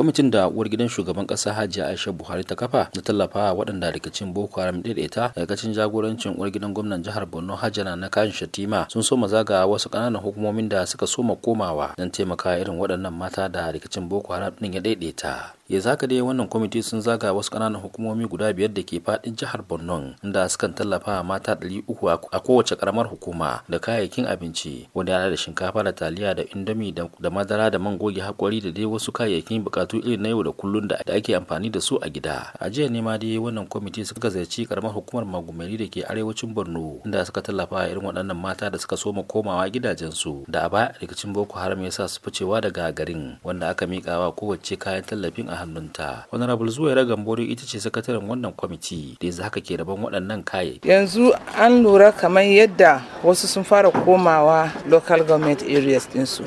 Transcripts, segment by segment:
kwamitin da uwar gidan shugaban kasa hajiya aisha buhari ta kafa na tallafa waɗanda rikicin boko haram daidaita aikacin jagorancin uwar gidan gwamnan jihar borno hajjana na kan shatima sun soma zaga wasu ƙananan hukumomin da suka soma komawa don taimaka irin waɗannan mata da rikicin boko haram ɗin ya daidaita ya zaka dai wannan kwamiti sun zaga wasu ƙananan hukumomi guda biyar da ke faɗin jihar borno inda sukan tallafa mata ɗari uku a kowace ƙaramar hukuma da kayayyakin abinci wanda da shinkafa da taliya da indomi da madara da man goge haƙori da dai wasu kayayyakin buƙatu bukatu irin na yau da kullun da ake amfani da su a gida a jiya ne ma dai wannan kwamiti suka ziyarci karamar hukumar magumari da ke arewacin borno inda suka tallafa irin waɗannan mata da suka soma komawa gidajensu da a baya rikicin boko haram ya sa su ficewa daga garin wanda aka miƙa wa kowace kayan tallafin a hannunta honorable yara gambori ita ce sakataren wannan kwamiti da yanzu haka ke rabon waɗannan kaya yanzu an lura kamar yadda wasu sun fara komawa local government areas ɗinsu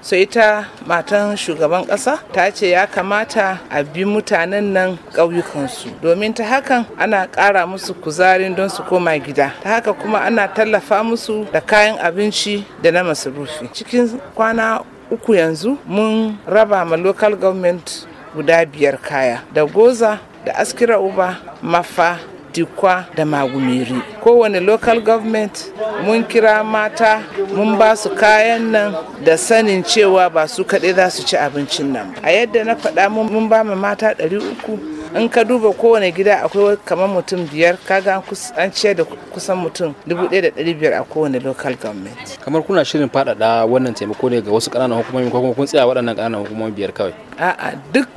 so ita matan shugaban ƙasa ta ce ya kamata a bi mutanen nan ƙauyukansu domin ta hakan ana ƙara musu kuzarin don su koma gida ta haka kuma ana tallafa musu da kayan abinci da na masarufi cikin kwana uku yanzu mun raba ma local government guda biyar kaya da goza da askira uba mafa dukwa da magumiri kowane local government mun kira mata mun ba su kayan nan da sanin cewa ba su kaɗai za su ci abincin nan a yadda na faɗa mun ba mata 300 in ka duba kowane gida akwai kamar mutum biyar kaga an ciyar da kusan mutum dubu da biyar a kowane local government kamar kuna shirin faɗaɗa wannan taimako ne ga wasu ƙananan hukumomi ko kuma kun tsaya waɗannan ƙananan hukumomi biyar kawai a'a duk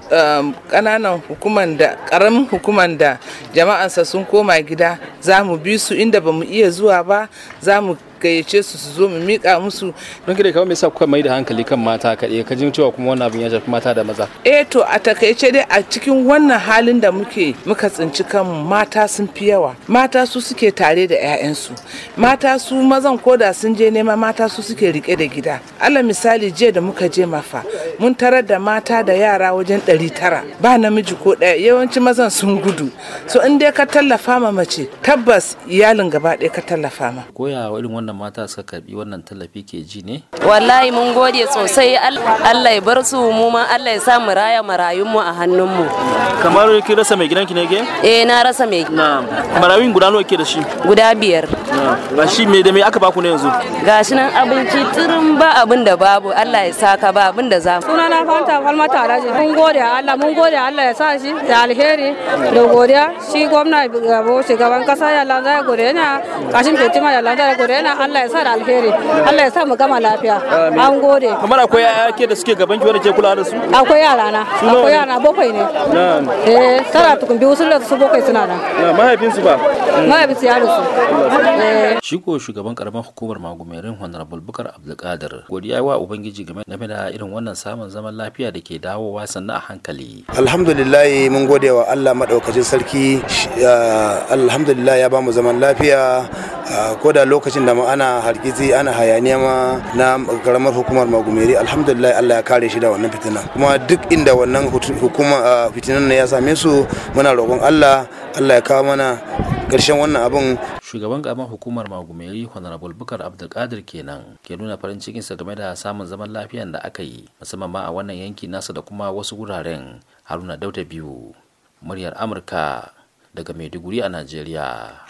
kananan um, hukuman da ƙaramin hukuman da jama'ansa sun koma gida za mu bi su inda ba mu iya zuwa ba za mu gayyace su su zo mu mika musu don kida kawai me yasa kuka mai da hankali kan mata kaɗai ka ji cewa kuma wannan abin ya shafi mata da maza eh to a takaice dai a cikin wannan halin da muke muka tsinci kan mata sun fi yawa mata su suke tare da 'ya'yansu mata su mazan koda sun je nema mata su suke rike da gida allah misali jiya da muka je mafa mun tarar da mata da yara wajen 900 ba namiji ko ɗaya yawanci mazan sun gudu so in dai ka tallafa ma mace tabbas iyalin gaba ɗaya ka tallafa ma koya irin wannan mata suka karbi wannan tallafi ke ji ne? Wallahi mun gode sosai Allah ya bar su mu ma Allah ya sa mu raya marayun mu a hannun mu. Kamar ki rasa mai gidan ki ne ke? Eh na rasa mai. Na marayun guda nawa ke da shi? Guda biyar. Ga shi me da me aka baku ne yanzu? Gashi nan abinci turin ba abin da babu Allah ya saka ba abin da za. Suna na fanta falmata alhaji. Mun gode Allah mun gode Allah ya sa shi da alheri da godiya shi gwamna gabo eh, shugaban kasa ya lanza ya gode yana kashin fetima ya lanza ya gode yana Allah ya sa da alheri Allah ya sa mu gama lafiya an gode kamar akwai yaya ke da suke gaban ki wanda ke kula da su akwai yara na akwai yara bakwai ne eh tara tukun biyu sun da su bakwai suna na. mahaifin su ba mm. mahaifin su ya su eh. shi ko shugaban karamar hukumar magumerin honorable bukar abdulkadir godiya wa ubangiji game da irin wannan samun zaman lafiya da ke dawowa sannan a hankali alhamdulillah mun gode wa Allah madaukakin sarki alhamdulillah ya bamu zaman lafiya ko da lokacin da mu ana hargizi ana hayaniya ma na karamar hukumar magumeri alhamdulillah Allah ya kare shi da wannan fitina kuma duk inda wannan hukuma fitinan ne ya same su muna roƙon Allah Allah ya kawo mana ƙarshen wannan abin shugaban gaban hukumar magumeri honorable bukar abdulkadir kenan ke nuna farin cikin sa game da samun zaman lafiyan da aka yi musamman ma a wannan yanki nasa da kuma wasu wuraren haruna dauta biyu muryar amurka daga maiduguri a najeriya